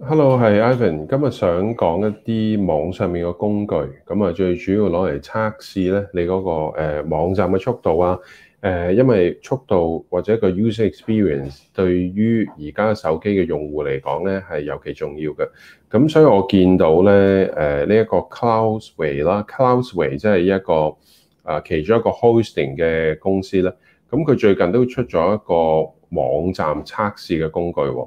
Hello，係 Ivan，今日想講一啲網上面嘅工具，咁啊最主要攞嚟測試咧，你嗰個誒網站嘅速度啊，誒、呃、因為速度或者個 user experience 對於而家手機嘅用戶嚟講咧係尤其重要嘅，咁所以我見到咧誒呢、呃這個、Cloud Cloud 一個 Cloudways 啦，Cloudways 即係一個啊其中一個 hosting 嘅公司咧，咁佢最近都出咗一個網站測試嘅工具啊。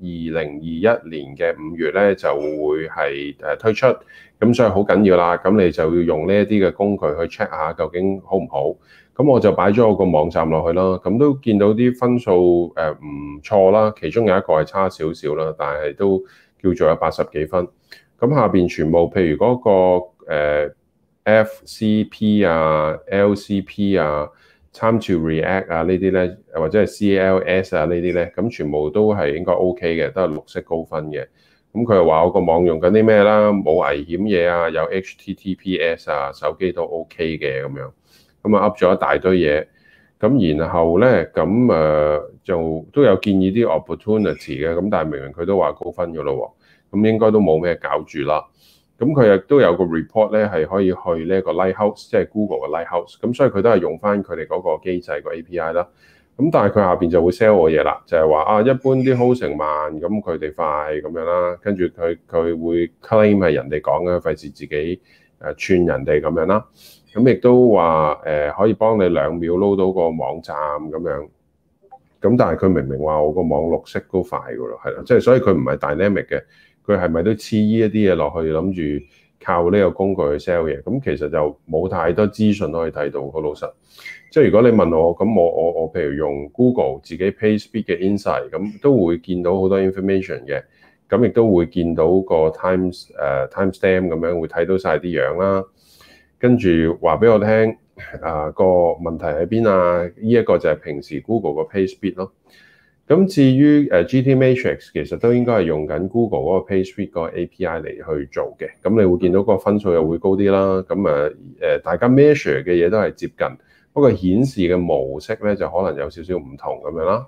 二零二一年嘅五月咧就會係誒推出，咁所以好緊要啦。咁你就要用呢一啲嘅工具去 check 下究竟好唔好。咁我就擺咗我個網站落去啦，咁都見到啲分數誒唔、呃、錯啦。其中有一個係差少少啦，但係都叫做有八十幾分。咁下邊全部譬如嗰、嗰個、呃、FCP 啊、LCP 啊。參照 React 啊，呢啲咧，或者係 CLS 啊呢，呢啲咧，咁全部都係應該 OK 嘅，都係綠色高分嘅。咁佢又話我個網用緊啲咩啦？冇危險嘢啊，有 HTTPS 啊，手機都 OK 嘅咁樣。咁啊噏咗一大堆嘢。咁然後咧，咁誒就都有建議啲 Opportunity 嘅。咁但係明明佢都話高分㗎咯，啊，咁應該都冇咩搞住啦。咁佢亦都有個 report 咧，係可以去呢一個 Lighthouse，即係 Google 嘅 Lighthouse。咁所以佢都係用翻佢哋嗰個機制個 API 啦。咁但係佢下邊就會 sell 我嘢啦，就係話啊，一般啲 hosting 慢，咁佢哋快咁樣啦。跟住佢佢會 claim 係人哋講嘅，費事自己誒串人哋咁樣啦。咁亦都話誒可以幫你兩秒撈到個網站咁樣。咁但係佢明明話我個網絡識都快噶咯，係啦，即係所以佢唔係 dynamic 嘅。佢係咪都黐呢一啲嘢落去，諗住靠呢個工具去 sell 嘢？咁其實就冇太多資訊可以睇到，好老實。即係如果你問我，咁我我我譬如用 Google 自己 PageSpeed 嘅 Insight，咁都會見到好多 information 嘅，咁亦都會見到個 times、uh, time s 誒 timestamp 咁樣，會睇到晒啲樣啦。跟住話俾我聽，啊，個問題喺邊啊？呢、呢、一個就係平時 Google 個 PageSpeed 咯。咁至於誒 GTMatrix 其實都應該係用緊 Google 嗰個 PageSpeed 個 API 嚟去做嘅，咁你會見到個分數又會高啲啦。咁誒誒大家 measure 嘅嘢都係接近，不過顯示嘅模式咧就可能有少少唔同咁樣啦。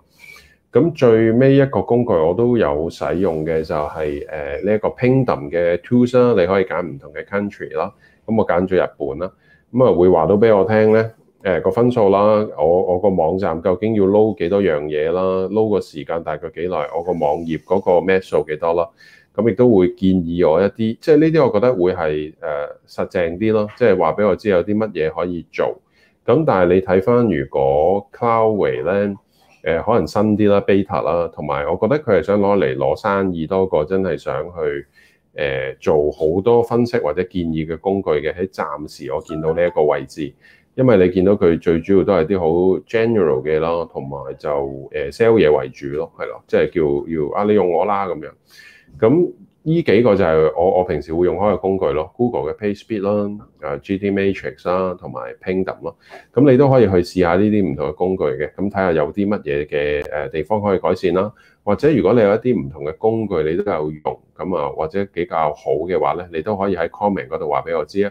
咁最尾一個工具我都有使用嘅就係誒呢一個 Pingdom 嘅 Tools 啦，你可以揀唔同嘅 Country 啦。咁我揀咗日本啦，咁啊會話到俾我聽咧。誒個分數啦，我我個網站究竟要撈幾多樣嘢啦？撈個時間大概幾耐？我個網頁嗰個 match 數幾多啦？咁亦都會建議我一啲，即係呢啲我覺得會係誒、呃、實淨啲咯，即係話俾我知有啲乜嘢可以做。咁但係你睇返，如果 Cloudway 咧誒、呃、可能新啲啦，Beta 啦，同埋我覺得佢係想攞嚟攞生意多過真係想去誒、呃、做好多分析或者建議嘅工具嘅。喺暫時我見到呢一個位置。因為你見到佢最主要都係啲好 general 嘅咯，同埋就誒 sell 嘢為主咯，係咯，即係叫要啊，你用我啦咁樣。咁呢幾個就係我我平時會用開嘅工具咯，Google 嘅 PageSpeed 啦，啊 GTMatrix 啦，同埋 Pingdom 咯。咁你都可以去試下呢啲唔同嘅工具嘅，咁睇下有啲乜嘢嘅誒地方可以改善啦。或者如果你有一啲唔同嘅工具你都有用，咁啊或者比較好嘅話咧，你都可以喺 comment 嗰度話俾我知啊。